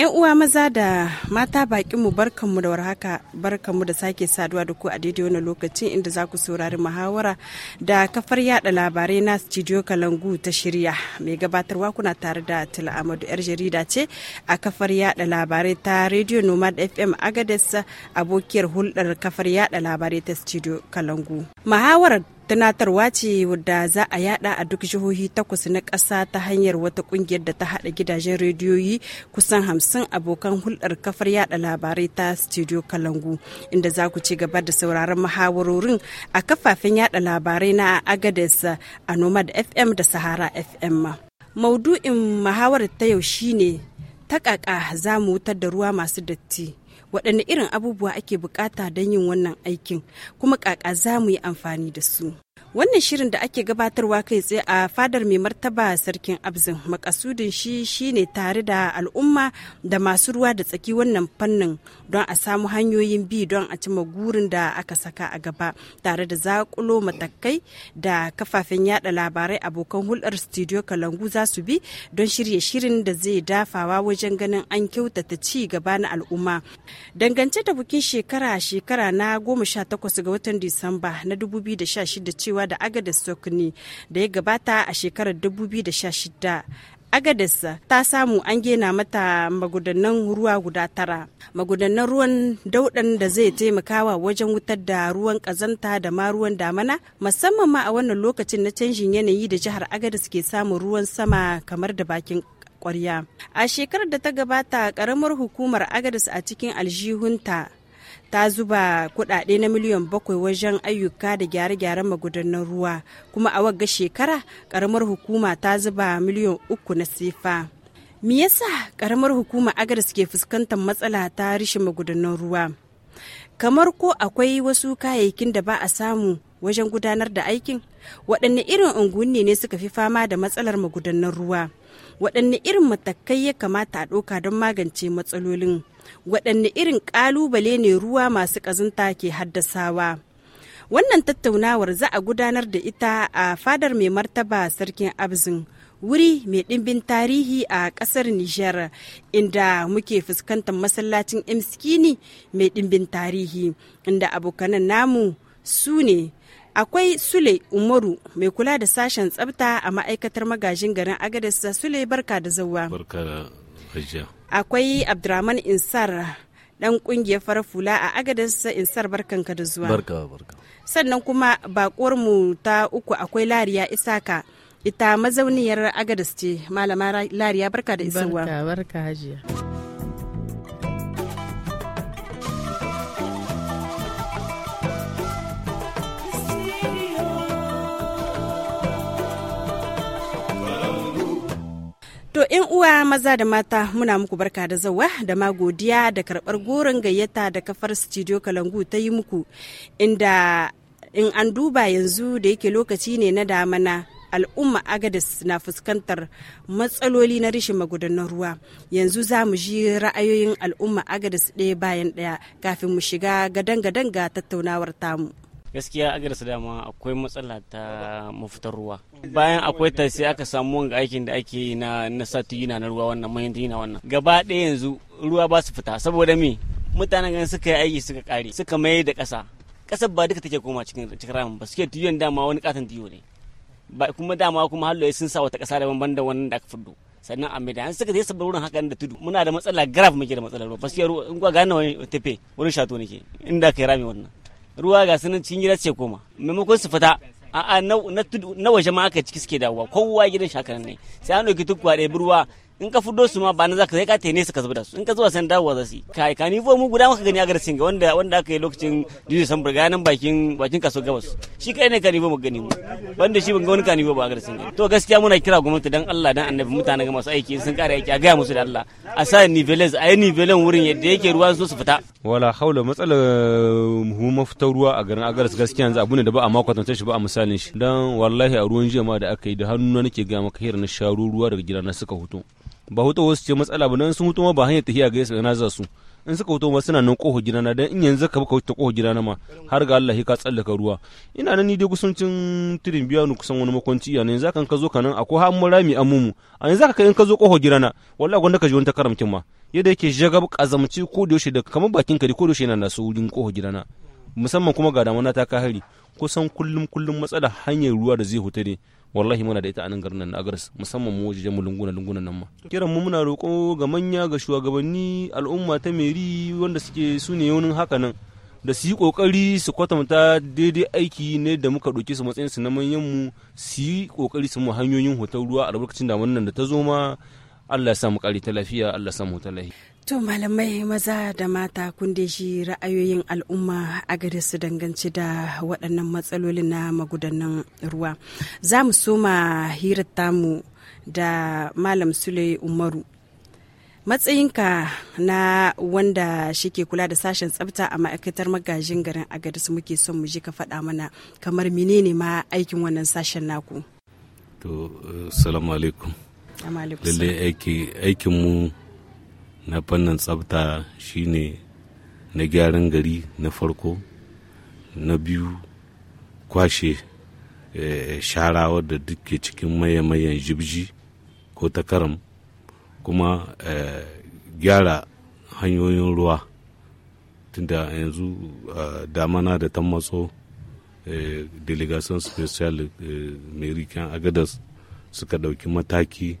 'yan uwa maza da mata bakinmu barkanmu da warhaka barkanmu da sake saduwa da ku a daidai wani lokacin inda za ku saurari muhawara da kafar yada labarai na studio kalangu ta shirya mai gabatarwa kuna tare da tila amadu yar jarida ce a kafar yada labarai ta radio nomad fm agadessa abokiyar hulɗar kafar yada labarai ta studio kalangu muhawarar tunatarwa ce wadda za a yada a duk jihohi takwas na ƙasa ta hanyar wata ƙungiyar da ta haɗa gidajen rediyoyi kusan hamsin abokan hulɗar kafar yada labarai ta studio kalangu inda za ku ci gaba da sauraron muhawarorin a kafafen yada labarai na agades a nomad fm da sahara fm ma. maudu'in muhawarar ta yau shine ta ƙaƙa za mu wutar da ruwa masu datti waɗanne irin abubuwa ake bukata don yin wannan aikin kuma kaka za mu yi amfani da su Wannan shirin da ake gabatarwa kai tsaye a fadar mai martaba sarkin abzin makasudin shi shine tare da al'umma da masu ruwa da tsaki wannan fannin don a samu hanyoyin bi don a cima gurin da aka saka a gaba tare da zakulo matakai da kafafen yada labarai abokan hulɗar studio kalangu za su bi don shirya shirin da zai dafawa wajen ganin an kyautata ci gaba na al'umma. Dangance da bukin shekara-shekara na 18 ga watan Disamba na 2016 cewa rayuwa da agadis sokni da ya gabata a shekarar 2016 agadis ta samu an gena mata magudanan ruwa guda tara magudannan ruwan daudan da zai taimakawa wajen wutar da ruwan kazanta da ma ruwan damana musamman ma a wannan lokacin na canjin yanayi da jihar agadis ke samun ruwan sama kamar da bakin kwarya a shekarar da ta gabata karamar hukumar agadis a cikin aljihunta ta zuba kudade na miliyan bakwai wajen ayyuka da gyare-gyaren magudanar ruwa kuma a wagga shekara karamar hukuma ta zuba miliyan uku na sifa me yasa karamar hukuma agadas ke fuskantar matsala ta rishin magudanar ruwa kamar ko akwai wasu kayayyakin da ba a samu wajen gudanar da aikin waɗanne irin unguwanni ne suka fi fama da matsalar magudanar ruwa waɗanne irin matakai ya kamata a ɗauka don magance matsalolin waɗanne irin ƙalubale ne ruwa masu ƙazanta ke haddasawa. Wannan tattaunawar za a gudanar da ita a fadar mai martaba sarkin Abzin. wuri mai ɗimbin tarihi a ƙasar Nijar inda muke fuskantar masallacin Mskini mai ɗimbin tarihi inda abokanan namu su ne akwai Sule Umaru mai kula da sashen tsafta a ma'aikatar magajin garin Agadez Sule barka da zauwa. akwai abdurrahman insar dan kungiyar farar fula a agadas insar barkanka da zuwa barka barka sannan kuma bakuwar mu ta uku akwai lariya isaka ita mazauniyar agadas ce malama lariya barka da isarwa barka barka hajiya To in uwa maza da mata muna muku barka da zawa da ma godiya da karbar goron gayyata da kafar studio Kalangu ta yi muku inda in an duba yanzu da yake lokaci ne na damana al'umma agadis na fuskantar matsaloli na rashin magudanar ruwa yanzu za mu ji ra'ayoyin al'umma agadis ɗaya bayan ɗaya kafin mu shiga gadan-gadan ga tattaunawar tamu. gaskiya agadas dama akwai matsala ta mafitar ruwa bayan akwai ta sai aka samu wanga aikin da ake yi na na sati na ruwa wannan mayan na wannan gaba ɗaya yanzu ruwa ba su fita saboda me mutanen gan suka yi aiki suka kare suka mai da ƙasa ƙasar ba duka take koma cikin cikin ramin ba suke tiyon dama wani katon tiyo ne ba kuma dama kuma halloye sun sa wata ƙasa daban da wannan da aka fiddo sannan a mai da an suka je sabar wurin hakan da tudu muna da matsala graf muke da matsalar ruwa gaskiya in ga gane wani tefe wurin shato nake inda kai rami wannan ruwa ga sunan cin gida ce koma maimakon su fita a'a na waje ma aka ciki suke dawowa kowa gidan shakaran ne sai an ɗauki tukwa ɗaya ruwa in ka fuddo su ma ba na zaka sai ka tene su ka zuba da su in ka zuwa san dawowa za su kai ka ni mu guda muka gani a garsin ga wanda wanda aka yi lokacin Dini san burga nan bakin bakin kaso gabas shi kai ne ka ni mu gani mu wanda shi ban ga wani ka ni ba a garsin ga to gaskiya muna kira gwamnati dan Allah dan annabi mutane ga masu aiki sun kare aiki a ga musu da Allah a sa niveles a yi nivelen wurin yadda yake ruwa su su fita wala haula matsala mu mafita ruwa a garin agaras gaskiya yanzu abu ne da ba a makwatanta shi ba a misalin shi dan wallahi a ruwan jiya ma da aka yi da hannu nake ga maka hira na sharu ruwa daga gida na suka hutu ba hutu wasu ce matsala ba don sun hutu ma ba hanyar tafiya ga yasa na za su in suka hutu ma suna nan koho gidana dan in yanzu ka buka ta koho gidana ma har ga Allah ka tsallaka ruwa ina nan ni dai kusancin tirin biya ni kusan wani makwanci yana yanzu kan ka zo kanan akwai har mun rami an mumu a yanzu ka kai in ka zo koho gidana wallahi gwanda ka ji wani takaramkin ma yadda yake jagab kazamci ko da yaushe da kamar bakin ka ko da yaushe yana na su wurin koho gidana musamman kuma ga damana ta ka hari kusan kullum kullum matsala hanyar ruwa da zai hutu ne. wallahi muna da ita a nan garin nan agars musamman mu wajen mu lunguna lungunan nan ma kiran mu muna roƙo ga manya ga shugabanni al'umma ta meri wanda suke su ne yaunin haka nan da su yi kokari su kwatanta daidai aiki ne da muka ɗauke su matsayin su na manyan mu su yi kokari su mu hanyoyin hoton ruwa a lokacin da nan da ta zo ma Allah ya sa mu ƙari ta lafiya Allah ya sa mu ta lafiya To malamai maza da mata kun da shi ra'ayoyin al'umma a gare su danganci da waɗannan matsalolin na magudanan ruwa. Za mu soma hirar tamu da Malam Sule Umaru. Matsayinka na wanda shike kula da sashen tsafta a ma'aikatar magajin garin su muke son mu ji ka faɗa mana kamar menene ma aikin wannan sashen naku. To, eh, salamu alaikum. Lallai aikinmu na fannin tsafta shine na gyaran gari na farko na biyu kwashe eh, shara wadda duke cikin maye-mayen jibji ko takaram kuma eh, gyara hanyoyin ruwa tunda yanzu eh, damana da ta matso delegation special american agadas suka ɗauki mataki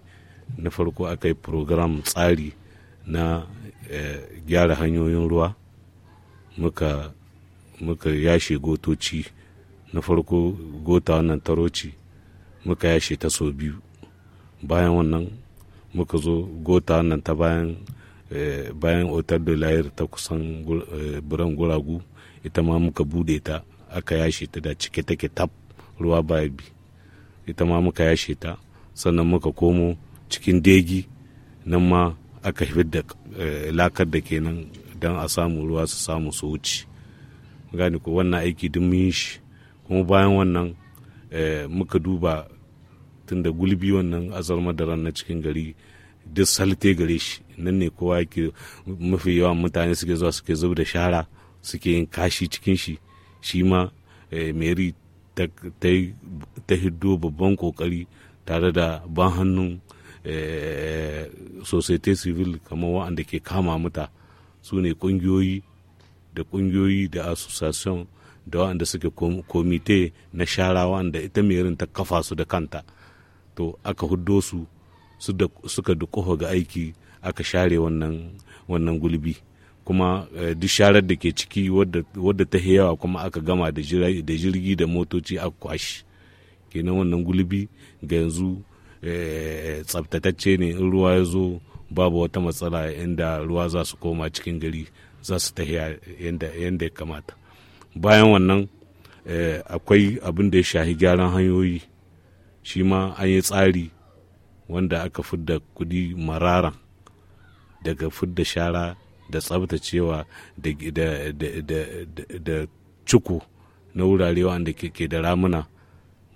na farko aka yi program tsari na eh, gyara hanyoyin ruwa muka muka yashe gotoci na farko gota wannan taroci muka yashe ta sau biyu bayan wannan muka zo gota wannan ta bayan eh, bayan otar da layar ta kusan eh, biran guragu ita ma muka bude ta aka yashe ta da cike take tab ruwa baya bi ita ma muka yashe ta sannan muka komo cikin degi nan ma aka da eh, lakar da kenan don a samu ruwa su samu su wuce gani ko wannan aiki duk mun shi kuma bayan wannan eh, muka duba tun da gulbi wannan azar madaran na cikin gari duk salte gare shi nan ne kowa yake mafi yawan mutane suke zuwa suke zub da shara suke yin kashi cikin shi shi ma eh, mary ta hiddo babban kokari tare da ban hannun Eh, societe civil kamar wa'anda ke kama mata su ne ƙungiyoyi da ƙungiyoyi da association da wa'anda suke komite na shara wa'anda ita merin ta kafa su da kanta to aka huddo su suka dukuwa ga aiki aka share wannan gulbi kuma eh, duk sharar da ke ciki wadda ta yawa kuma aka gama da jirgi da motoci a kwashi kenan wannan gulbi ga yanzu Eh, tsabtatacce ne in ruwa ya zo babu wata matsala inda ruwa za su koma cikin gari za su tahiya yadda ya kamata bayan wannan eh, akwai abin da ya shahi gyaran hanyoyi shi ma an yi tsari wanda aka fidda kudi mararan daga fidda shara da tsabtacewa da cuku na wurare wanda ke da ramuna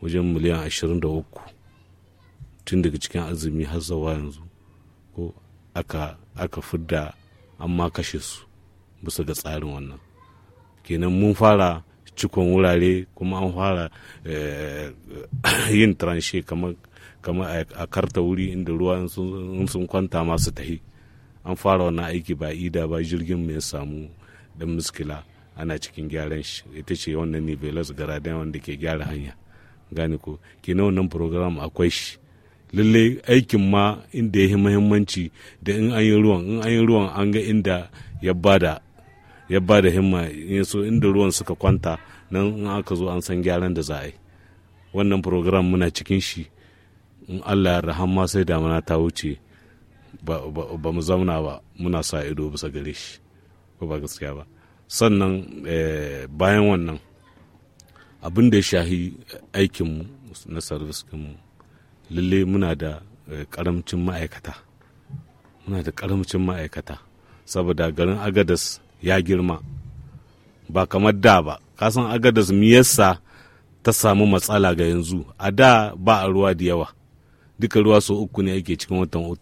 wajen miliyan 23 tun daga cikin azumi har zawa yanzu ko aka aka fidda amma kashe su bisa ga tsarin wannan kenan mun fara cikon wurare kuma an fara eh, yin tranche kamar a karta wuri inda ruwa sun kwanta masu tahi an fara wannan aiki ba ida ba jirgin mai samu dan muskila ana cikin gyaran shi ita ce wannan ne nivelas garadan wanda ke gyara hanya gane ko kenan wannan program akwai shi lalle aikin ma inda ya yi muhimmanci da in an yi ruwan in an yi ruwan an ga inda ya bada ya bada himma so inda ruwan suka kwanta nan in aka zo an san gyaran da za yi wannan program muna cikin shi in allah rahama sai damana ta wuce ba mu zauna ba muna sa ido bisa gare shi ko ba gaskiya ba sannan eh, bayan wannan abin da ya shahi aikinmu na service mu lalle muna da karamcin eh, ma'aikata muna da karamcin ma'aikata saboda garin agadas ya girma ba kamar da ba kasan agadas miyarsa ta samu matsala ga yanzu a da ba a ruwa da yawa duka ruwa so uku ne ake cikin watan ut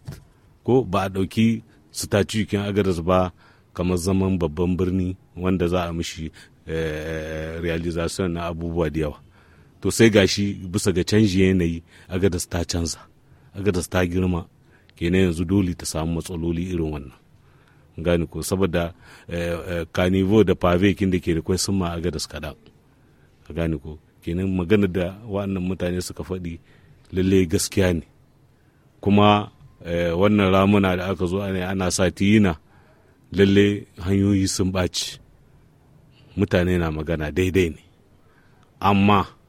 ko ba a ɗauki su ta agadas ba kamar zaman babban birni wanda za a mishi eh, realization na abubuwa da yawa to sai gashi bisa ga canji yanayi a agadas ta canza agadas ta girma kenan yanzu dole ta samu matsaloli irin wannan gani ko saboda kanivo eh, eh, da kin da ke da kwai sun ma agadas kaɗan gani ko kenan magana da wa'annan mutane suka faɗi lalle gaskiya ne kuma eh, wannan ramuna da aka zo ana sa tiyina lalle hanyoyi sun ɓaci mutane na magana daidai ne amma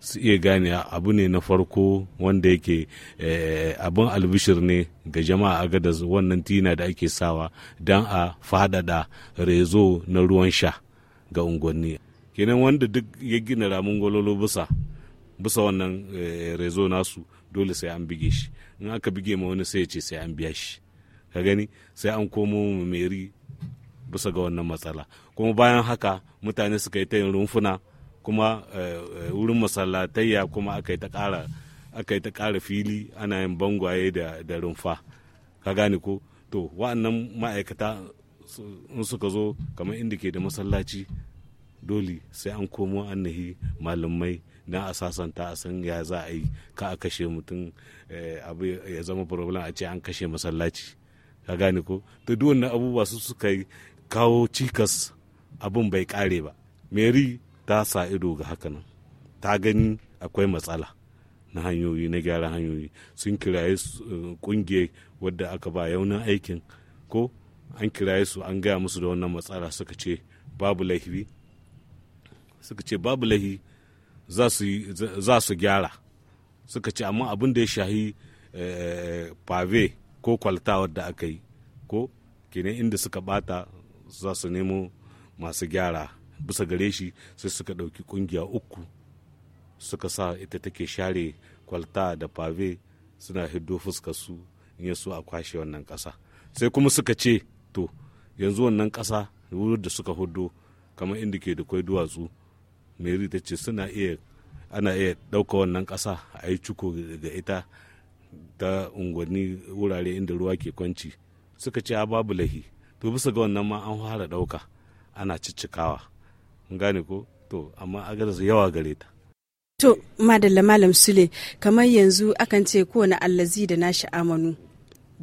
su iya gane abu ne na farko wanda yake eh, abin albishir ne ga jama'a agadas wannan tina da ake sawa don a faɗaɗa rezo na ruwan sha ga unguwanni kenan wanda duk ya gina ramin gwalolo bisa bisa wannan eh, rezo nasu dole sai an bige shi in aka bige ma wani sai ya ce sai an biya shi ka gani sai an komo mu meri bisa ga wannan matsala kuma bayan haka mutane suka yi ta yin rumfuna kuma eh, eh, wurin masallatayya kuma aka yi ta ƙara fili ana yin bangwaye da, rumfa ka gane ko to wa'annan ma'aikata in suka zo kamar inda ke da masallaci dole sai an komo annahi malamai na a sasanta a san ya za a yi ka a kashe mutum eh, abu ya zama problem a ce an kashe masallaci ka gane ko to duk wannan abubuwa su suka kawo cikas abin bai kare ba mary ta sa ido ga haka nan ta gani akwai matsala na hanyoyi na gyaran hanyoyi sun kiraye kungiyar eh, wadda aka ba yaunin aikin ko an kiraye su an gaya musu da wannan matsala suka ce babu laifi suka ce babu laifi za su gyara suka ce amma abin da ya shahi eh, pave ko kwalta wadda aka yi ko kenan inda suka bata za su nemo masu gyara bisa gare shi sai suka ɗauki ƙungiya uku suka sa ita take share kwalta da pave suna hiddo fuska su in ya so a kwashe wannan ƙasa sai kuma suka ce to yanzu wannan ƙasa wurin da suka hudo kamar inda ke da kwai duwatsu mary ta ce suna iya ana iya ɗauka wannan ƙasa a yi cuko ga ita ta unguwanni wurare inda ruwa ke kwanci suka ce a babu lahi to bisa ga wannan ma an fara ɗauka ana ciccikawa gane ko to amma su yawa gare ta to madalla malam sule kamar yanzu akan ce kowane allazi da nashi amanu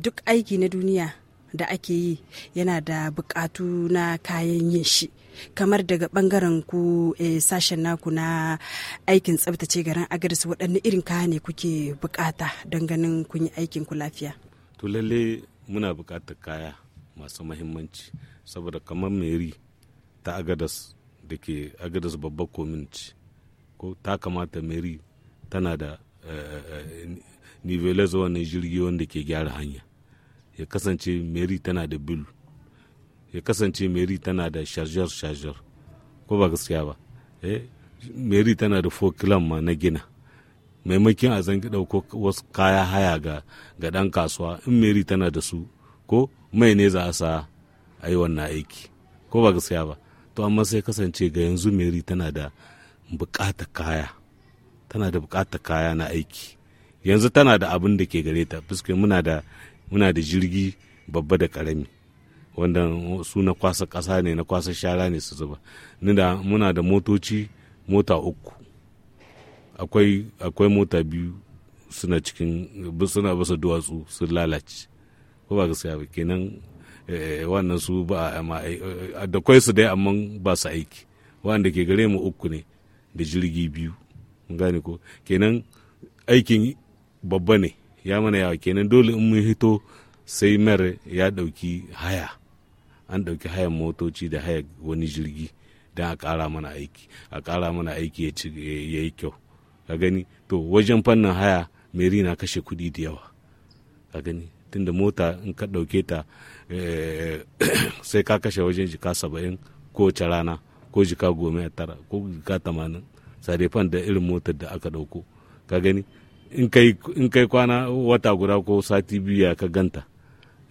duk aiki na duniya da ake yi yana da bukatu na kayan yin shi kamar daga bangaren ku e, sashen naku na aikin tsabtace garin agaris waɗanne irin kaya ne kuke bukata don ganin kun yi aikin ku lafiya to lalle muna bukatar kaya masu mahimmanci saboda kamar meri ta agadas da ke agadas babbar kominci ko ta kamata mary tana da eh, eh, niveles wannan jirgi wanda ke gyara hanya ya kasance mary tana da bil ya kasance mary tana da sharjar sharjar ko ba gaskiya ba eh, mary tana da fokilan ma na gina maimakon a zangi ɗauko wasu kaya haya ga ga ɗan kasuwa in mary tana da su ko mai ne za a sa a yi wannan aiki ko ba gaskiya ba to amma sai kasance ga yanzu mary tana da bukatar kaya tana da bukatar kaya na aiki yanzu tana da abin da ke gare ta fuske muna da jirgi babba da karami wanda su na kwasa ƙasa ne na kwasa shara ne su zuba da muna da motoci mota uku akwai mota biyu suna cikin suna basa duwatsu sun lalace ko ba gaskiya ba kenan Eh, wannan su ba eh, eh, da kwai su dai amma ba su aiki wanda ke gare mu uku ne da jirgi biyu gane ko kenan aikin babba ne ya mana yawa kenan dole in mun hito sai mer ya ɗauki haya an ɗauki hayan motoci da haya wani jirgi don a kara mana aiki a kara mana aiki ya yi kyau a gani to wajen fannin haya meri na kashe kuɗi da yawa a gani tunda mota in ka ɗauke ta Eh, sai ka kashe wajen jika saba'in ko rana ko jika goma ya tara ko jika tamanin sarifan da irin motar da aka dauko ka gani in kai kwana wata guda ko sati biyu ya ka ganta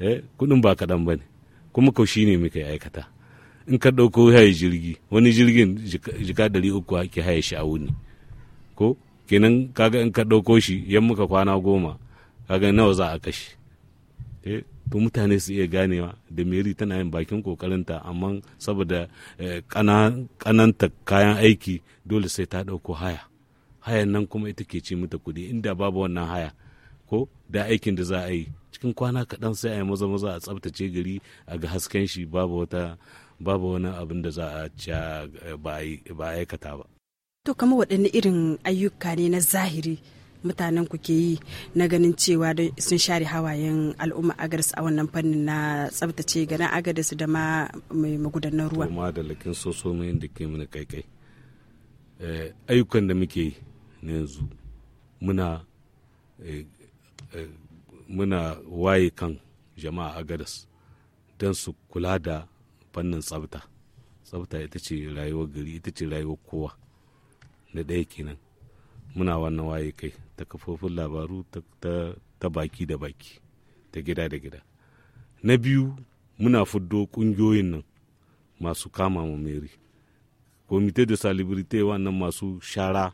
eh, kudin ba kaɗan ba ne kuma kau shi ne muka aikata in ka ɗauko haye jirgi wani jirgin jika ɗari uku ake haye shi a wuni ko kenan kaga in ka ɗauko shi yan muka kwana goma kaga nawa za a kashe eh, to mutane su iya ganewa da meri tana yin bakin kokarinta amma saboda eh, kananta kayan aiki dole sai ta ɗauko haya hayan nan kuma ita ke ci mata kuɗi inda babu wannan haya ko da aikin da za a yi cikin kwana kaɗan sai a yi maza maza a tsabtace gari a ga hasken shi babu wata babu wani abin da za a ci ba aikata ba to kama waɗanne irin ayyuka ne na zahiri mutanen ku ke yi na ganin cewa sun share hawayen al'umma agaris a wannan fannin na tsabtace ganin agaris da ma mai magudanar ruwa ma da lakin soso mai da ke mana kaikai eh, ayyukan da muke na yanzu muna eh, eh, muna waye kan jama'a agadas don su kula da fannin tsabta tsabta ita ce rayuwar gari ita ce rayuwar kowa na ɗaya kenan muna wannan waye kai ta kafofin labaru ta baki da baki ta gida da gida na biyu muna fuddo kungiyoyin nan masu kama ma meri komite da salibirite wannan masu shara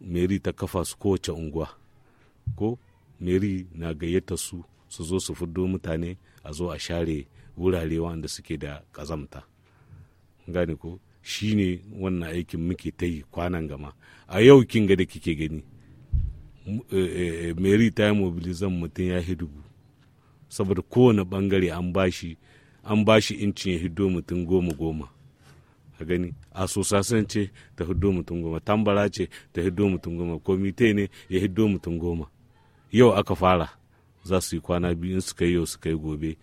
meri ta kafa su kowace unguwa ko meri na gayyata su su zo su fuddo mutane a zo a share wurare wanda suke da kazamta gane ko shine wannan aikin muke ta yi kwanan gama a yau kin ga da kike gani eh, eh, eh, mary ta mobilizan mutum ya hidubu saboda kowane bangare an bashi an bashi incin ya hiddo mutum goma goma a gani a sosasan ce ta hiddo mutum goma tambara ce ta hiddo mutum goma komite ne ya hiddo mutum goma yau aka fara za su yi kwana biyu in suka yi yau suka yi gobe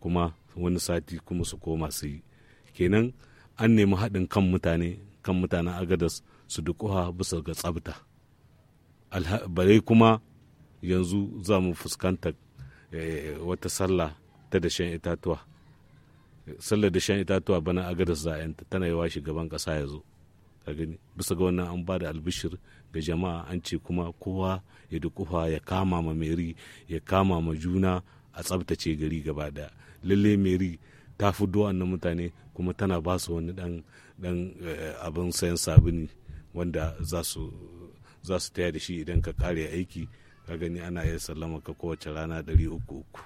kuma wani sati kuma su koma su yi kenan an nemi haɗin kan mutane kan mutanen agadas su dukuwa bisa ga tsabta bare kuma yanzu za mu fuskanta eh, wata sallah ta dashen itatuwa sallar dashen itatuwa bana agadas za a tana yawa shugaban ƙasa ya zo ka bisa ga wannan an ba da albishir ga jama'a an ce kuma kowa ya dukufa ya kama ma meri ya kama ma juna a tsabtace gari gaba daya lalle meri ta do'an na mutane kuma tana ba su wani dan eh, abin sayan sabuni wanda za su taya da shi idan ka kare aiki ka gani ana iya sallama ka kowace rana ɗari uku uku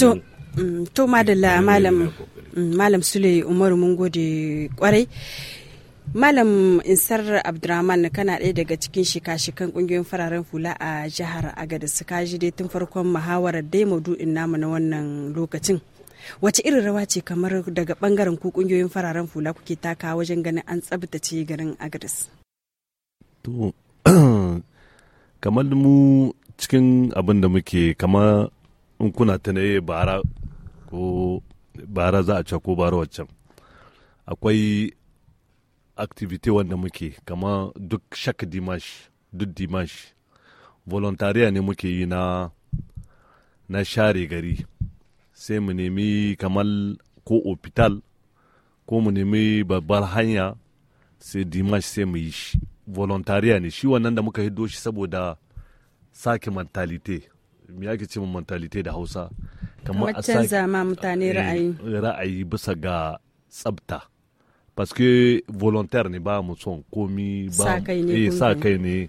to mm, madalla malam mm, malam sule umaru mun gode kwarai malam insar abdurrahman kana ɗaya daga cikin shika-shikan ƙungiyoyin fararen hula a jihar agadis ka ji dai tun farkon muhawarar dai maudu'in namu na wannan lokacin wace irin rawa ce kamar daga bangaren ku kungiyoyin fararen fula kuke taka wajen ganin an tsabtace garin agadis to kamar mu cikin abin da muke kama in kuna tunaye eh, bara ko bara za a ce ko bara waccan akwai activity wanda muke kama duk shak dimash duk dimash volontariya ne muke yi na share gari sai mu nemi kamar ko opital ko mu nemi babbar hanya sai dimash sai mu yi shi volontariya ne shi wannan da muka hiddo shi saboda sake mentalite me ake ce mentalite da hausa kamar a canza ma mutane eh, ra'ayi ra'ayi bisa ga tsabta paske volontaire ne ba mu son komi ba sa kai ne eh,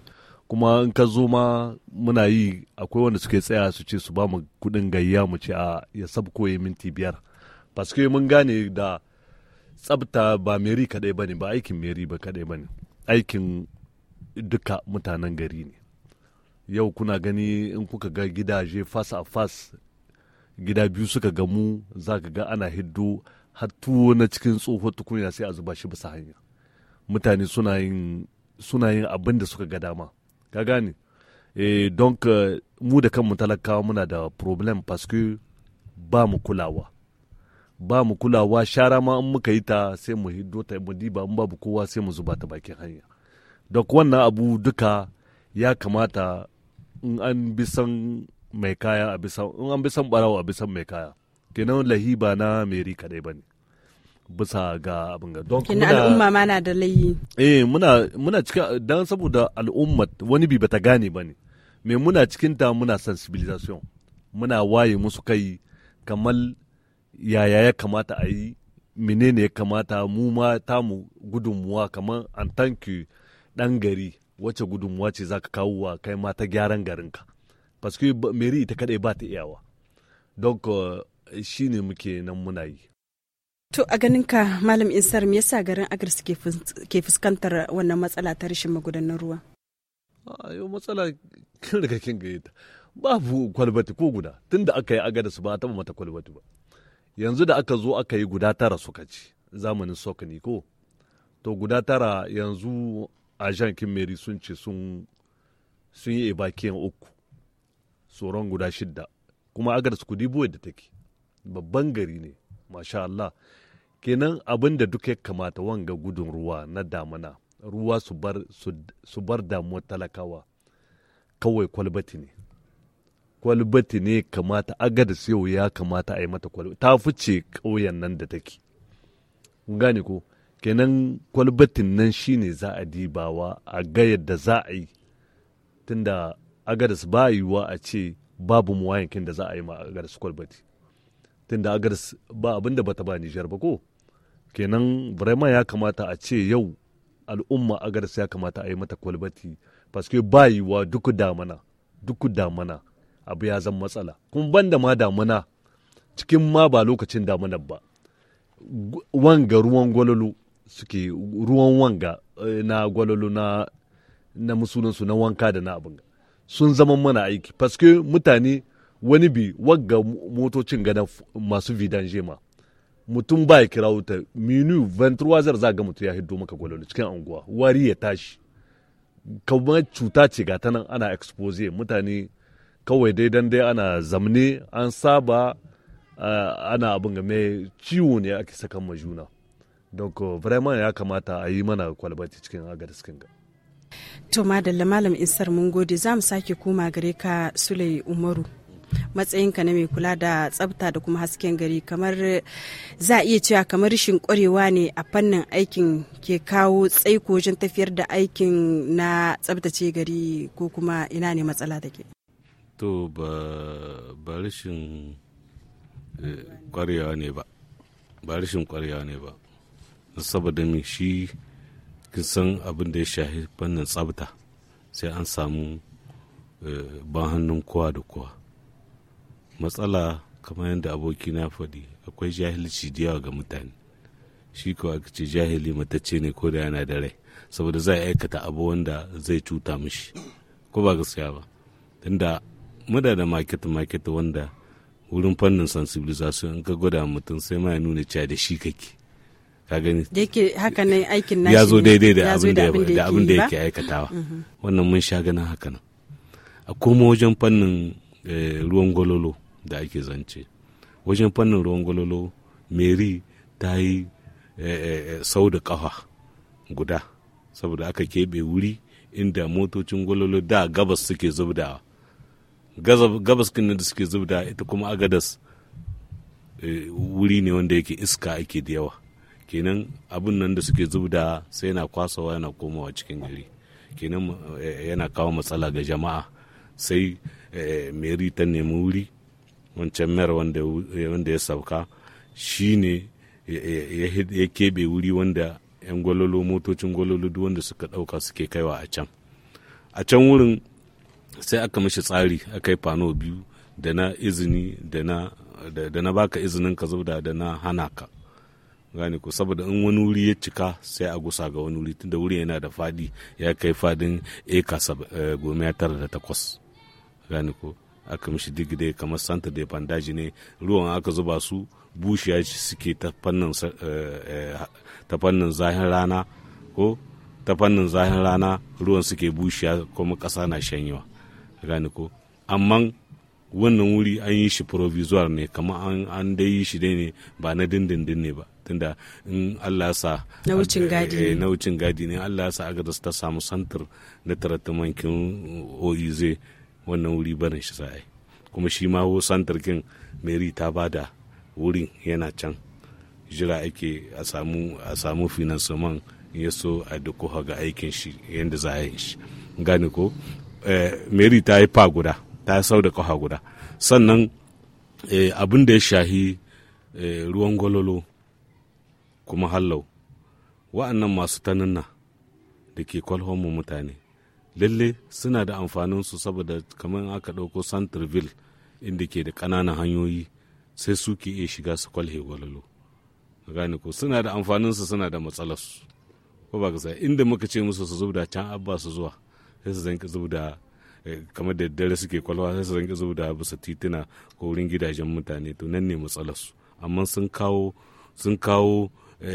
kuma in ka zo ma muna yi akwai wanda suke tsaya su ce su ba mu kuɗin gayya mu ce a ya sab ya minti biyar paske mun gane da tsabta ba meri kaɗai ba ba aikin meri ba kaɗai ba aikin duka mutanen gari ne yau kuna gani in kuka ga gidaje fas a fas gida biyu suka gamu za ka ga ana hiddo har tuwo na cikin tsoho tukunya sai a zuba shi bisa hanya mutane suna yin abin da suka ga dama ka gane eh donc mu da kanmu talakawa muna da problem parce que ba mu kulawa ba mu kulawa shara ma in muka yi ta sai mu hiddo ta mu diba an babu kowa sai mu zuba ta bakin hanya donc wannan abu duka ya kamata in an san mai kaya a bisan in an san barawa a bisan mai kaya kenan lahiba na meri kadai bane bisa ga abin ga don kuma al'umma ma na da layi eh muna muna cikin dan saboda al'umma wani bi bata gane bane me muna cikin ta muna sensibilisation muna waye musu kai kamar yaya ya kamata a yi menene ya kamata mu ma ta mu gudunmuwa kamar an tanki dan gari wacce gudunmuwa ce zaka kawo wa kai ma ta gyaran garinka que meri ita kadai ba ta iyawa donc shi muke nan muna yi To a ganin ka Malam Insar me yasa garin Agris ke fuskantar wannan matsala ta rashin magudanar ruwa? A yau matsala kin riga kin gaye ta. Babu kwalbati ko guda tunda aka yi agada su ba ta mata kwalbati ba. Yanzu da aka zo aka yi guda tara suka ci zamanin sokani ko. To guda tara yanzu a kin meri sun ce sun sun yi ibakiyan uku. Tsoron guda shidda. Kuma agada su kudi da take. Babban gari ne. Masha Allah. kenan abin da duk ya kamata wanga gudun ruwa na damana ruwa su bar su damuwar talakawa kawai kwalbati ne kwalbati ne kamata da yau ya kamata a yi mata kwalbati ta fice ƙauyen nan da take kun gane ko kenan kwalbatin nan shine za a dibawa a ga yadda za a yi tunda agadas ba wa a ce babu mu da za a yi ma agadas kwalbati tunda agadas ba abinda bata ba Nijar ba ko kenan vraiment ya kamata a ce yau al'umma agadas ya kamata a yi mata kwalbati paske ba wa duk damana duk damana abu ya zan matsala kuma ban da ma damana cikin ma ba lokacin damana ba wanga ruwan gwalolo suke ruwan wanga eh, na gwalolo na musulunsu na wanka da na abin sun zama mana aiki paske mutane wani bi wagga motocin gada masu vidanje ma mutum ba ya kira wuta minu 23 za ga mutum ya hiddo maka gwalolo cikin anguwa wari ya tashi kama cuta ce ga tanan ana expose mutane kawai dai dan dai ana zamne an saba ana abin ga mai ciwo ne ake sakan ma juna donc euh, vraiment ya kamata a yi mana kwalbati cikin agadis ga to madalla malam isar mun gode za mu sake koma gare ka sulai umaru matsayinka na mai kula da tsafta da kuma hasken gari kamar za a iya cewa kamar rashin kwarewa ne a fannin aikin ke kawo tsaiko wajen tafiyar da aikin na tsaftace gari ko kuma ina ne matsala take to ba rashin kwarewa eh, ne ba ba rashin kwarewa ne ba saboda mai shi kin san abin da ya shahi fannin tsabta sai an samu eh, ban hannun kowa da kowa matsala kamar yadda aboki na faɗi akwai jahilci da yawa ga mutane shi ko aka ce jahili matacce ne ko da yana da rai saboda zai aikata abu wanda zai cuta mishi ko ba gaskiya ba tunda muda da market market wanda wurin fannin sensibilization in ka gwada mutum sai ma ya nuna cewa da shi kake ka gani ya zo daidai da abin da yake aikatawa mhm. wannan mun sha ganin haka nan a koma wajen fannin eh, ruwan gololo da ake zance wajen fannin ruwan gwalolo mary ta yi eh, eh, eh, sau da ƙafa guda saboda aka keɓe wuri inda motocin gwalolo da gabas suke zubdawa gabas kinnan da suke zubda ita kuma agadas wuri ne wanda yake iska ake da yawa kenan abin nan da suke zubda sai yana kwasawa yana komawa cikin gari kenan yana kawo matsala ga jama'a sai mary ta nemi wuri wancan mayar wanda eh, ya sauka shi ne ya keɓe wuri wanda 'yan gwalolo motocin gwalolo duk wanda suka ɗauka suke kaiwa a can a can wurin sai aka mashi tsari aka yi fano biyu da na izini da na baka izinin ka zauda da na hana ka gane ku saboda in wani wuri ya cika sai a gusa ga wani wuri tunda wuri yana da fadi ya kai fadin eka eh, goma tara da takwas aka mishi digide kamar santa da bandaji ne ruwan aka zuba su bushiya suke eh, eh, ta fannin zahin rana ko ta fannin zahin rana ruwan suke bushiya kuma ƙasa na shanyewa gani ko amma wannan wuri an yi shi provisoire ne kamar an dai yi shi dai ne ba na dindindin ne ba tunda in Allah sa eh, na wucin gadi ne Allah sa aka ta samu santar na tarattamankin oiz e wannan wuri barin shi za kuma shi ma wo santarkin mary ta bada da wurin yana can jira ake a samu a samu finansaman ya so a dukuha ga aikin shi yadda za a yi shi gane ko eh, mary ta yi fa guda ta sau da kafa guda sannan eh, abin da ya shahi eh, ruwan gwalolo kuma hallau wa'annan masu tanunna da ke kwalhon mu mutane lalle suna da amfaninsu saboda kamar aka ɗauko centerville inda ke da ƙananan hanyoyi sai su ke iya shiga su kwalhe gwalalo gane ko suna da amfaninsu suna da matsalarsu ko ba ka inda muka ce musu su zubda can abba su zuwa sai su zanki zubda eh, kamar da dare suke kwalwa sai su zanki zubda bisa tituna ko wurin gidajen mutane to nan ne matsalarsu amma sun kawo sun kawo Eh,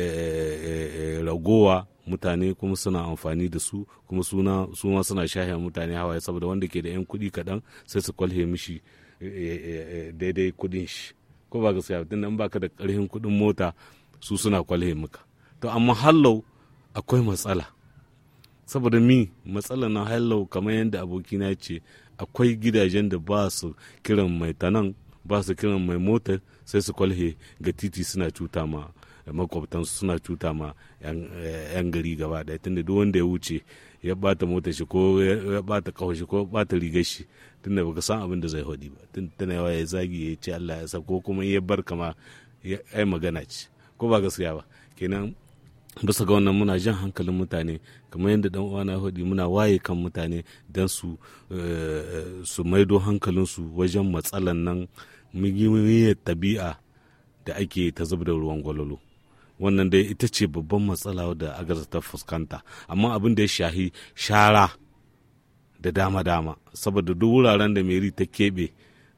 eh, eh, ragowa mutane kuma suna amfani da su kuma suna suma suna shahe mutane hawa saboda wanda ke da 'yan kuɗi kaɗan sai su kwalhe mishi daidai kuɗin shi ko ba gaskiya tun da baka da ƙarfin kuɗin mota su suna kwalhe muka to amma hallau akwai matsala saboda mi matsala na hallau kamar yadda abokina ce akwai gidajen da ba su kiran mai tanan ba su kiran mai motar sai su kwalhe ga titi suna cuta ma makwabtansu suna cuta ma 'yan gari gaba daya tunda duk wanda ya wuce ya bata mota shi ko ya bata kawo shi ko bata rigar shi tunda baka san abin da zai hodi ba tun tana yawa ya zagi ya ce Allah ya sa ko kuma ya bar kama ya ai magana ce ko ba gaskiya ba kenan bisa ga wannan muna jan hankalin mutane kamar yadda dan na hodi muna waye kan mutane dan su eh, su maido su wajen matsalan nan miyar tabi'a da ake ta zubda ruwan gwalolo wannan dai ita ce babban matsala da agarza ta fuskanta amma abin da ya shahi shara da dama-dama saboda duk wuraren da meri ta keɓe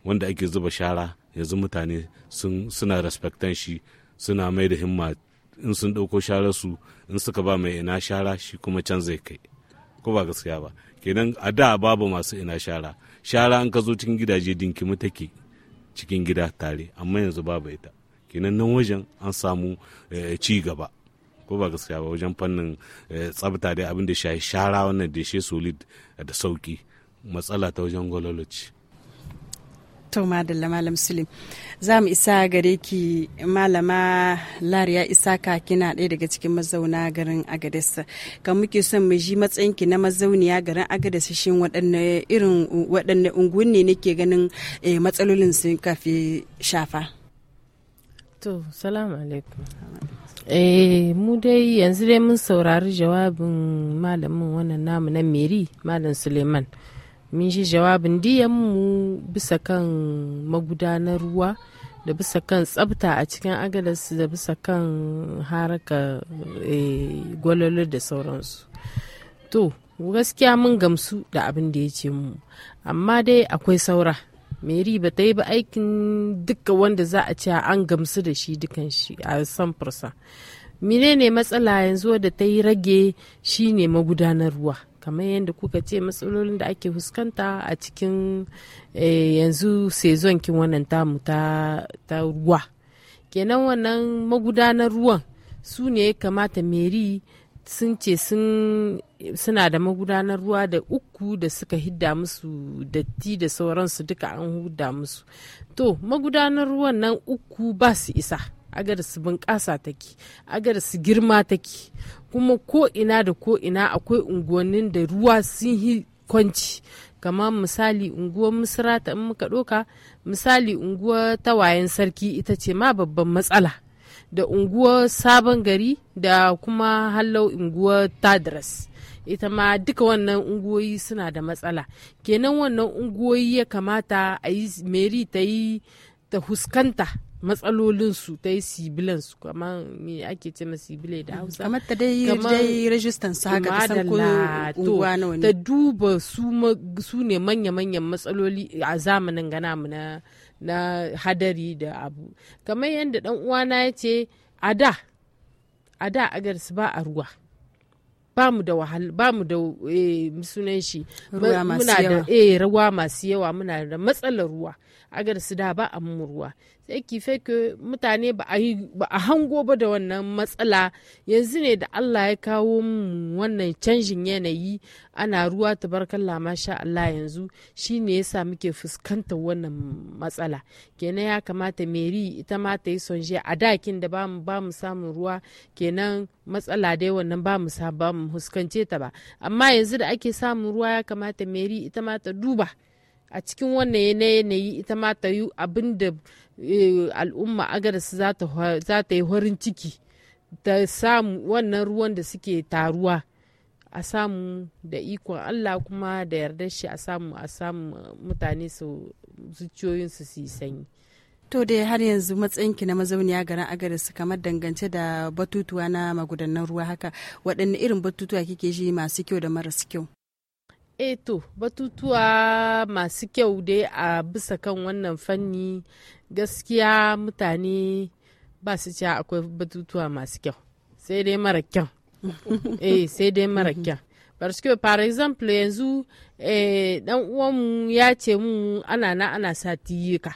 wanda ake zuba shara yanzu mutane suna respectan shi suna mai da himma in sun ɗauko su in suka ba mai ina shara shi kuma can zai kai ko ba gaskiya ba kenan a da babu masu ina shara shara an ka zo cikin gidaje dinkimi take cikin gida tare amma yanzu babu ita kenan nan wajen an samu eh, ci gaba ko ba gaskiya ba wajen fannin eh, tsabta da abin da shayi shara wannan deshe solid da sauki matsala ta wajen gwaloloci to madalla malam sulim za mu isa gare ki malama lariya isa ka kina ɗaya daga cikin mazauna garin agades kan muke son mu ji matsayinki na mazauniya garin agades shin waɗanne irin waɗanne unguwanni ne nake ganin eh, matsalolin sun kafi shafa To, salamu alaikum. Eh, mu dai yanzu dai mun saurari jawabin malamin wannan namu na Meri, Malam Suleiman. Mun shi jawabin mu bisa kan magudanar ruwa da bisa kan tsabta a cikin agalas da bisa kan haraka eh, gwalolo da sauransu. To, gaskiya mun gamsu da abin da ya ce mu, amma dai akwai saura. meri ba ta yi ba aikin duka wanda za a ce an gamsu da shi dukan shi a san fursa ne matsala yanzu da ta yi rage shine magudanar ruwa kamar yadda kuka ce matsalolin da ake fuskanta a cikin eh, yanzu sezon kin wannan tamu ta ruwa kenan wannan magudanar ruwan su ne ya kamata meri sun ce suna da magudanar ruwa da uku da suka hidda musu datti da sauransu duka an huda musu to magudanar ruwan nan uku ba su isa agar su bunƙasa take agar su girma take kuma ko ina da ko ina akwai unguwannin da ruwa sun yi kwanci kama misali unguwar ta in muka ɗoka misali unguwar tawayen sarki ita ce ma babban matsala da unguwar sabon gari da kuma hallau unguwar tadras ita ma duka wannan unguwoyi suna da matsala kenan wannan unguwoyi ya kamata a yi meri ta yi ta huskanta matsalolinsu ta yi sibilansu kamar me ake ce sibile da hausa kamar ta dai rajistan su haka ta san unguwa na wani ta duba su ne manya-manyan matsaloli a zamanin gana mu na na hadari da abu kamar yadda dan uwana ya ce a da a da agarsu ba a ruwa ba mu da eh, sunan shi eh, ruwa masu yawa muna da matsalar ruwa garsu da ba a mu ruwa yake ka mutane ba a hango ba da wannan matsala yanzu ne da allah ya kawo mu wannan canjin yanayi ana ruwa ta tabarkalla masha allah yanzu shi ne ya sa muke fuskantar wannan matsala kenan ya kamata meri ita ma ta yi sonje a dakin da ba mu samun ruwa kenan matsala dai wannan ba mu huskance ta ba amma yanzu da ake samun ruwa ya kamata meri ita ma ta duba a cikin wannan yanayi ita ma ta yi abin da eh, al'umma agadas za ta yi horin ciki ta samu wannan ruwan da suke taruwa a samu da ikon allah kuma da yardar shi a samu a samu mutane su zuciyoyinsu su yi sanyi to da har yanzu matsayinki na mazauniya garin agaris kamar dangance da batutuwa na magudanan ruwa haka waɗanne irin batutuwa kike ji masu kyau da marasa kyau Eto to batutuwa masu kyau dai a bisa kan wannan fanni gaskiya mutane ba su ci akwai batutuwa masu kyau sai dai mara kyau eh sai dai mara kyau parce par exemple yanzu dan eh, uwanmu ya ce mu ana na ana sa tiyika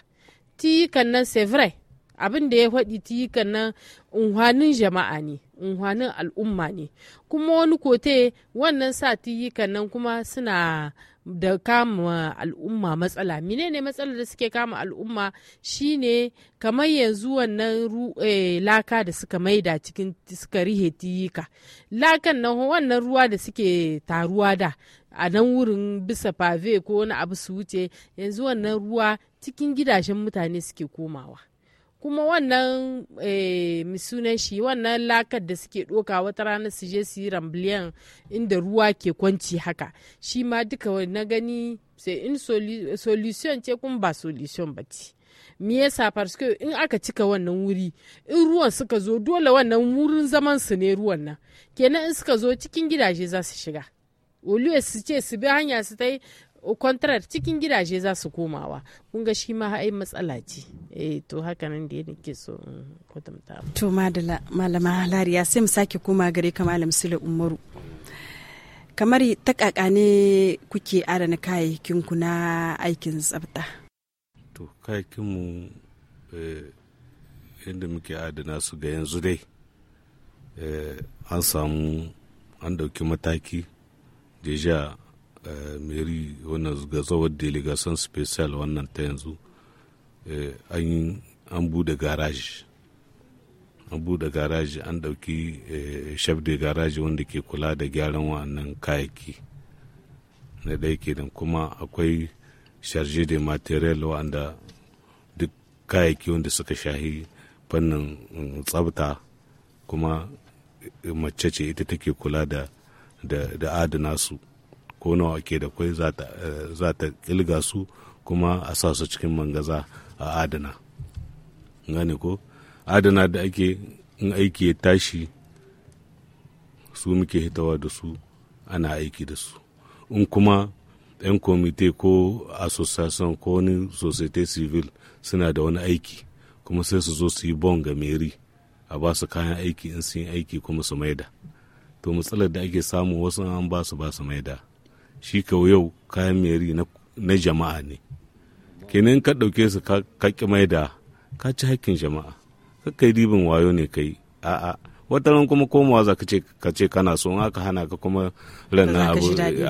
tiyikan nan c'est vrai abin da ya faɗi tiyikan nan unhwanin jama'a ne unhwanin al'umma ne kuma wani kote wannan sa tiyikan nan kuma suna da kama al'umma matsala menene matsalar da suke kama al'umma shine kamar yanzu wannan eh, laka da suka maida cikin suka rihe tiyika lakan nan wannan ruwa da suke taruwa da a nan wurin bisa pave ko wani abu su wuce yanzu wannan ruwa cikin gidajen mutane suke komawa kuma wannan eh, mai sunan shi wannan lakar da suke doka wata rana su je su yi rambliyan inda ruwa ke kwanci haka shi ma duka na gani sai in solution ce kuma ba solution ba ce me yasa parce in aka cika wannan wuri in ruwan suka zo dole wannan wurin zaman su ne ruwan nan kenan in suka zo cikin gidaje za su shiga oliyo su ce su bi hanya su ta yi kwantarar cikin gidaje za su komawa kun ga shi ma ai matsala ce eh to haka nan da nake so kwatanta to madala malama lariya sai mu sake koma gare ka malam sule umaru kamar ta kaka ne kuke adana kayayyakin ku na aikin tsafta to kayayyakin mu eh, yadda muke adana su ga yanzu dai eh, an samu an dauki mataki deja Eh, meri wannan ga tsawon delegation special wannan ta yanzu eh, an bude garage an bude garaji an dauki eh, chef de garage wanda ke kula da gyaran wa'annan kayaki na ɗaya kenan kuma akwai charge de material wa'anda duk kayaki wanda suka shahi fannin mm, tsabta kuma mace ce ita take kula da adana su ko nawa ke da kwai eh, za ta ƙilga su kuma a sa su cikin mangaza a adana gane ko adana da ake in aiki ya tashi su muke hitawa da su ana aiki da su in kuma 'yan komite ko association ko wani societe civil suna da wani aiki kuma sai su zo su yi bon ga meri a ba su kayan aiki in sun yi aiki kuma su maida to matsalar da ake samu wasu an ba su ba su maida shi kawai yau kayan meri na jama'a ne kenan ka ɗauke su ka ƙi mai da ka ci haƙƙin jama'a kai ribin wayo ne kai a'a wata ran kuma komawa za ka ce kana so in aka hana ka kuma ranar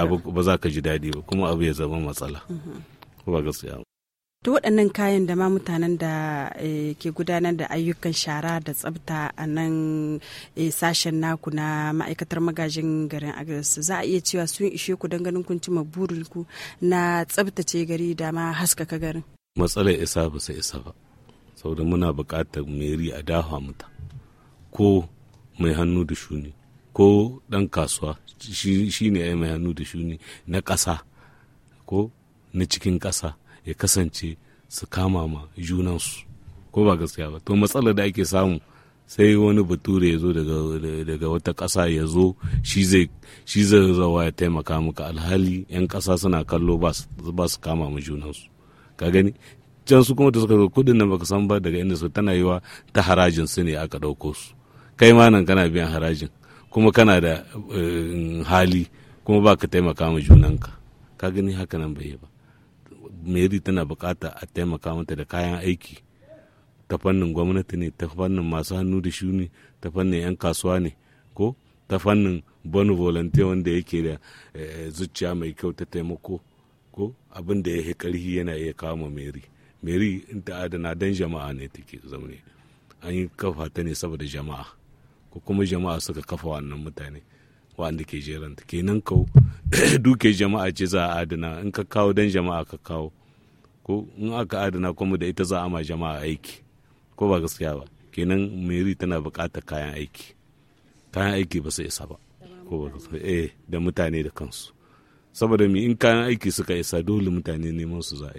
abu ba za ka ji daɗi ba kuma abu ya zama matsala mhm. ba gaskiya To waɗannan kayan da ma mutanen da eh, ke gudanar da ayyukan shara da tsabta a nan eh, sashen naku na ma'aikatar magajin garin agas za a iya cewa sun ishe ku don ganin kun cima burinku na tsabtace gari da ma haskaka garin. Matsalar isa ba sai isa ba, saboda muna bukatar meri a dafa muta ko mai hannu da shuni ko ɗan kasuwa shi ne mai hannu da shuni na ƙasa ko na cikin ƙasa. ya kasance su kama ma junansu ko ba gaskiya ba to matsalar da ake samu sai wani bature ya zo daga wata kasa ya zo shi zai zawa ya taimaka muka alhali 'yan kasa suna kallo ba su kama ma junansu ka gani can su kuma da suka zo kudin da baka san ba daga inda su tana yiwa ta harajin su ne aka ɗauko su kai ma nan kana biyan harajin kuma kana da eh, hali kuma ba ka taimaka ma junanka ka gani haka nan bai yi ba meri tana bukata a taimaka mata da kayan aiki ta fannin gwamnati ne ta fannin masu hannu da shuni ta fannin 'yan kasuwa ne ko ta fannin bonu volunteer wanda yake da eh, zuciya mai kyau ta taimako ko abin da ya yi karhi yana iya kama meri meri in ta adana don jama'a ne take zaune an yi kafa ta ne saboda jama'a ko kuma jama'a suka kafa wannan mutane wanda ke jeranta kenan ka duke jama'a ce za a adana in ka kawo dan jama'a ka kawo ko in aka adana kuma da ita za a ma jama'a aiki ko ba gaskiya ba kenan meri tana buƙatar kayan aiki kayan aiki ba su isa ba ko ba eh da mutane da kansu saboda mi in kayan aiki suka isa dole mutane neman su a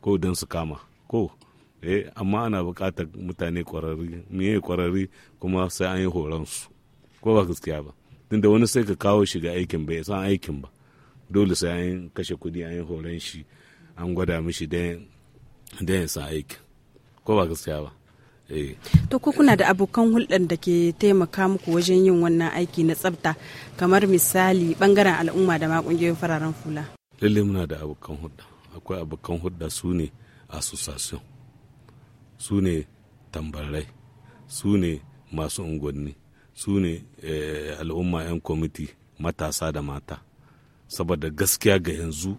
ko don su kama ko eh amma ana buƙatar mutane kwararri miye kwararri kuma sai an yi horon su ko ba gaskiya ba tunda wani sai ka kawo shiga aikin bai san aikin ba dole sai an kashe kudi an yi horon shi an gwada mishi da ya san aikin ko ba gaskiya ba eh. to ko kuna da abokan hulɗar da ke taimaka muku wajen yin wannan aiki na tsabta kamar misali bangaren al'umma da ma fararen fula lalle muna da abokan hulɗa akwai abokan hulɗa su ne association su ne tambarai su ne masu unguwanni su ne eh, al'umma 'yan kwamiti matasa da mata saboda gaskiya ga yanzu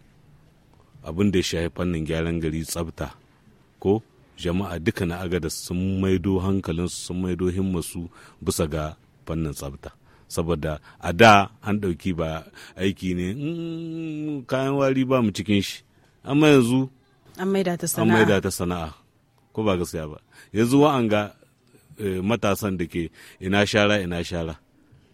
abin da ya shafi fannin gyaran gari tsabta ko jama'a duka na agada sun maido hankalinsu sun maido himmasu bisa ga fannin tsabta saboda a da an ɗauki ba aiki ne mm, kayan wari ba mu cikin shi amma yanzu an maida ta sana'a ko ba gaskiya ba yanzu wa'anga Eh, matasan da ke ina shara ina shara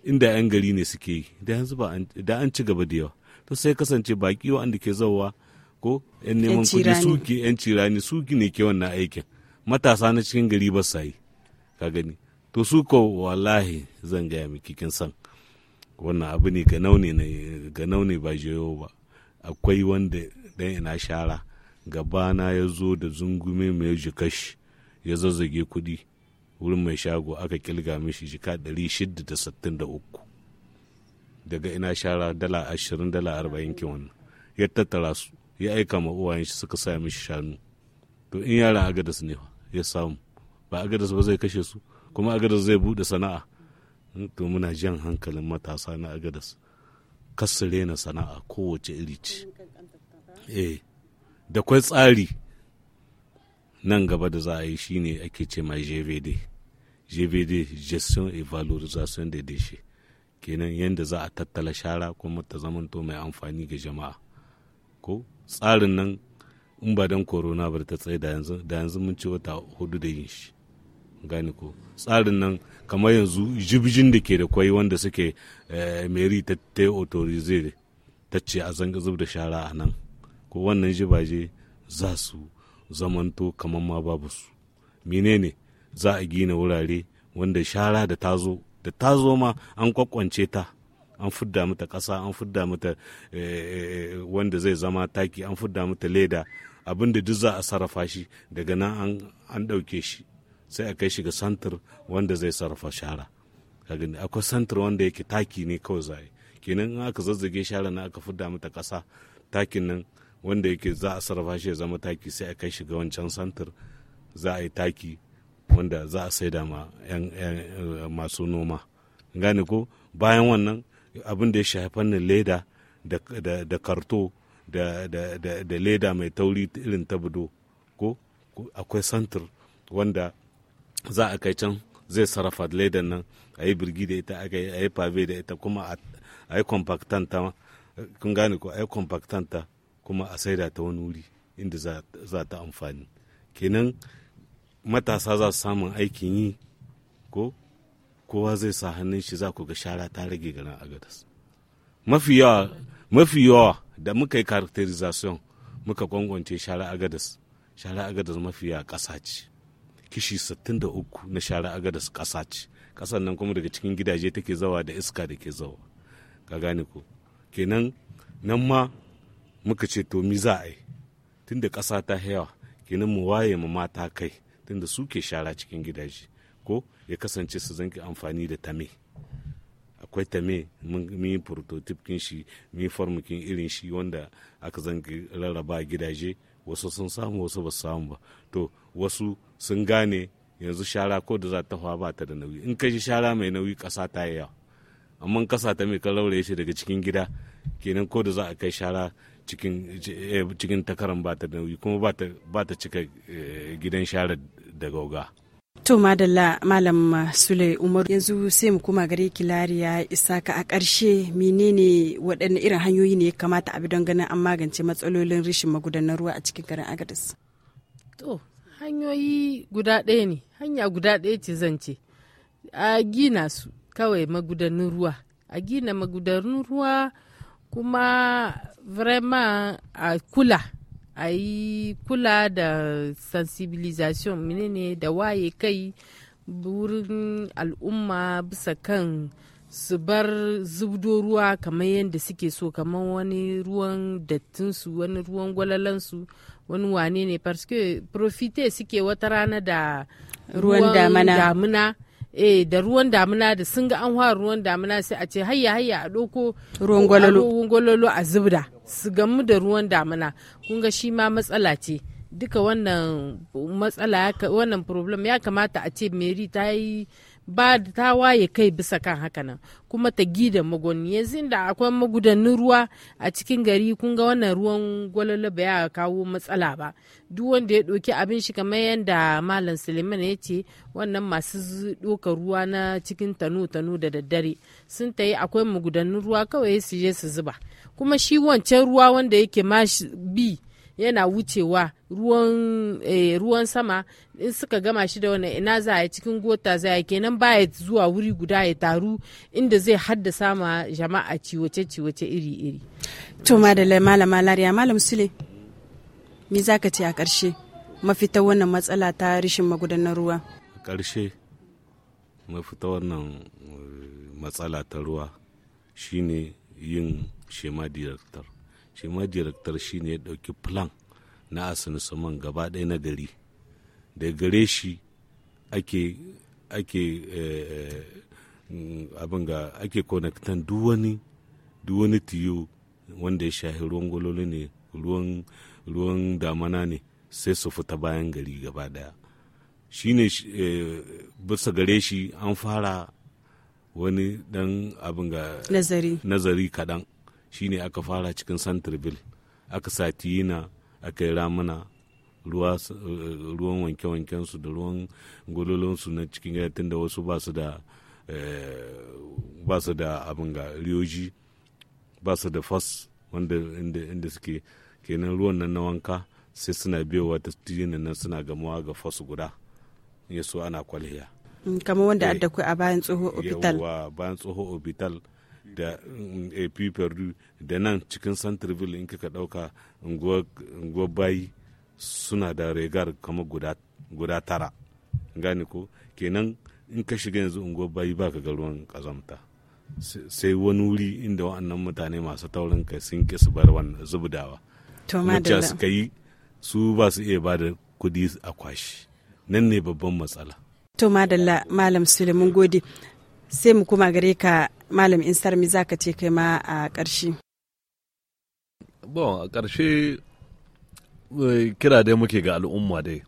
inda 'yan gari ne suke yi da yanzu ba da an ci gaba da yawa to sai kasance baki wanda ke zauwa ko 'yan neman kudi suke 'yan cirani suke ne ke wannan aikin matasa na cikin gari ba sa yi ka gani to su ko wallahi zan gaya miki kin san wannan abu ne ga ne ba jeyo ba akwai wanda dan ina shara gabana ya zo da zungume mai jikash ya zazzage kuɗi wurin mai shago aka kilga mishi jika 663 daga ina shara dala 20 dala 40 kin wannan ya tattara su ya aika ma uwayen shi suka sa mishi shanu to in yaran agadas ne ya samu ba agadas ba zai kashe su kuma agadas zai bude sana'a hmm, to muna jan hankalin matasa na agadas kasu rena sana'a kowace iri ce eh da kwai tsari nan gaba da za a yi shi shine ake ce ma GVD GVD gestion et valorisation des déchets kenan yadda za a tattala shara kuma ta zamanto mai amfani ga jama'a ko tsarin nan in ba dan corona ba ta tsaye da yanzu da yanzu mun ci wata hudu da yin shi gani ko tsarin nan kamar yanzu jibjin da ke da kwai wanda suke eh, meri ta ta autorize ta ce a zanga zub da shara a nan ko wannan jibaje za su zamanto kamar ma babu su menene za a gina wurare wanda shara da tazo da tazo ma an kwakwance ta an fudda mata ƙasa an fudda mata eh, eh, eh, wanda zai zama taki an fudda mata leda abin da duk za a sarrafa shi daga nan an ɗauke shi sai a kai shi ga santir wanda zai sarrafa shara gani akwai santir wanda yake taki ne kawai zai kenan aka zazzage shara na aka fudda mata ƙasa takin nan wanda yake za a sarrafa shi ya zama taki sai a kai shiga wancan santir za a yi taki wanda za a saida ma eh, masu noma gane ko bayan wannan abin da ya shafi fannin leda da karto da leda mai tauri irin ta budo ko akwai santir wanda za a kai can zai sarrafa ledan nan a yi birgi da ita a yi pave da ita kuma a yi kun gane ko a yi kuma a saida ta wani wuri inda za ta amfani kenan matasa za su samun aikin yi ko kowa zai sa hannun shi za ku ga shara ta rage garin agadas mafi yawa da muka yi characterization muka kwangwance shara agadas shara agadas mafi yawa ƙasa ce kishi 63 na shara agadas ƙasa ce ƙasar nan kuma daga cikin gidaje take zawa da iska da ke zawa ka gane ko kenan nan ma muka ce to mi za a yi tunda ƙasa ta yawa kenan mu waye mu mata kai tunda su ke shara cikin gidaje ko ya kasance su zanki amfani da tame akwai tame mi yi prototype kin shi mi yi kin irin shi wanda aka zanki rarraba gidaje wasu sun samu wasu ba samu ba to wasu sun gane yanzu shara ko da za ta hawa ba ta da nauyi in ka shi shara mai nauyi ƙasa ta yawa amma ƙasa ta mai ka shi daga cikin gida kenan ko da za a kai shara cikin eh, takarar ba ta nauyi kuma ba ta cika eh, gidan share da gauga. To Madalla Malam Sule Umar yanzu sai mu kuma gare ki Lariya Isaka a ƙarshe menene waɗanne irin hanyoyi ne ya kamata a don ganin an magance matsalolin rashin magudanar ruwa a cikin garin Agadis? To hanyoyi guda ɗaya ne hanya guda ɗaya ce zan ce a gina su kawai magudanin ruwa a gina magudanin ruwa kuma vraiment a kula a yi kula da sensibilisation menene da waye kai wurin al'umma bisa kan su bar zubdo ruwa kamar yadda suke so kamar wani ruwan dattinsu wani ruwan gwalalansu wani wane ne parce que profite suke wata rana da ruwan damuna. eh da ruwan damina da sun ga an fara ruwan damina sai a ce hayya hayya a ɗauko ruwan gwalolo a zubda su gamu da ruwan damina kun ga shi ma matsala ce duka wannan matsala wannan problem ya kamata a ce meri ta yi ba da ta waye kai bisa kan haka nan kuma ta gida magwani yanzu da akwai magudanin ruwa a cikin gari kun ga wannan ruwan gwalala ba ya kawo matsala ba duk wanda ya ɗauki abin shi kamar yadda malam suleiman ya ce wannan masu ɗoka ruwa na cikin tanu tanu da daddare sun ta yi akwai magudanin ruwa kawai su je su zuba kuma shi wancan ruwa wanda yake ma bi yana wucewa ruwan eh, ruwan sama in suka gama shi da wannan ina za a cikin gota za a kenan baya zuwa wuri guda ya taru inda zai haddasa ma jama'a ciwace-ciwace iri-iri. to madalla malama lariya malam sule me za ka ce a ƙarshe mafita wannan matsala ta rishin magudanar ruwa a ƙarshe mafita wannan eh, matsala ta ruwa shine yin shema director shi ma direktar shi ne ya ɗauki plan na man gaba ɗaya na gari da gare shi ake ake eh, abin ga ake konektan duwani wani tiyo wanda ya shahi ruwan gwalolo ne ruwan damana ne sai su fita bayan gari gaba daya shi ne eh, bisa gare shi an fara wani dan abin ga nazari kaɗan shine aka fara cikin centerville aka sa tiyina aka yi ramuna eh, ruwan wanke-wankensu da ruwan gulolonsu na cikin gida da wasu ba su da eh, ba su da abin ga riyoji ba su da fas wanda inda suke kenan ruwan nan na wanka sai suna biyowa ta tiyina nan suna gamuwa ga fas guda yaso ana kwalhiya mm, kamar wanda eh, adda a bayan tsoho obital bayan tsoho obital da epi mm, perdu da nan cikin centerville in kika ɗauka unguwar bayi suna da regar kama guda tara gane ko kenan in ka shiga yanzu unguwar bayi ba ka ga ruwan kazamta sai wani wuri inda wa'annan mutane masu taurin kai sun ki su bar wannan zubdawa wacce suka yi su ba su iya ba da kudi a kwashi nan ne babban matsala to madalla malam suleiman gode sai mu kuma gare ka malam insar za ka ce kai ma a ƙarshe bon a ƙarshe eh, kira dai muke ga al'umma dai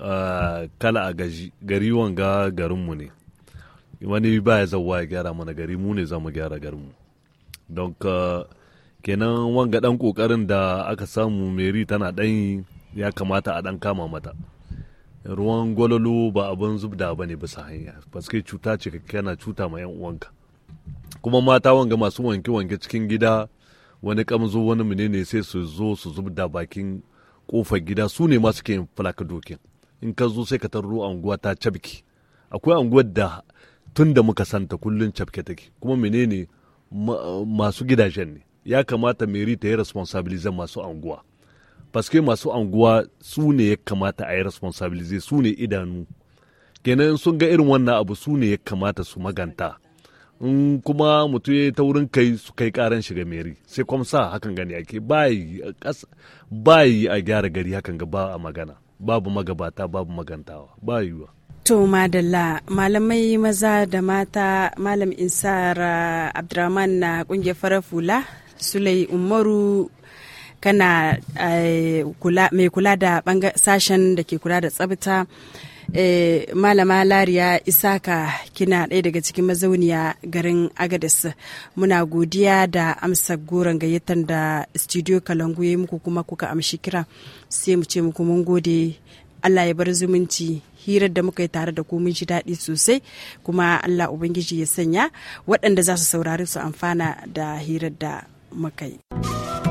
ah, kala a gaji gari wanga garinmu ne wani ba ya zauwa ya gyara mana gari mu ne za mu gyara garinmu don ka kenan wanga ɗan ƙoƙarin da aka samu meri tana ɗanyi ya kamata a ɗan kama mata ruwan gwalolo ba abin zubda ba ne bisa hanya paske cuta ce kana cuta ma yan uwanka kuma mata wanga masu wanke wanke cikin gida wani kamzo wani menene sai su zo su zubda bakin kofar gida su ne masu ke yin falaka dokin in ka zo sai ka tarro anguwa ta cabki akwai anguwar da tun da muka santa kullun cabke take kuma menene masu gidajen ne ya kamata meri ta yi responsabilizan masu anguwa paske masu anguwa su ne ya kamata a yi responsabilize su ne idanu kenan sun ga irin wannan abu su ne ya kamata su maganta in kuma mutum ya ta wurin kai su kai karan shiga meri sai kwamsa hakan gani ake bayi a gyara gari hakan ga ba a magana babu magabata babu magantawa ba to madalla malamai maza da mata malam insara abdurrahman na kungiyar farar fula sulai umaru kana eh, mai kula da sashen da ke kula da tsabta eh, malama lariya isaka kina ɗaya daga cikin mazauniya garin agadis muna godiya da amsa goron gayyatar da studio kalangu ya muku kuma kuka amshi kira sai mu ce muku mun gode allah ya bar zumunci hirar da muka yi tare da ku mun ji daɗi sosai kuma allah ubangiji ya sanya waɗanda za su saurari su amfana da hirar da muka yi.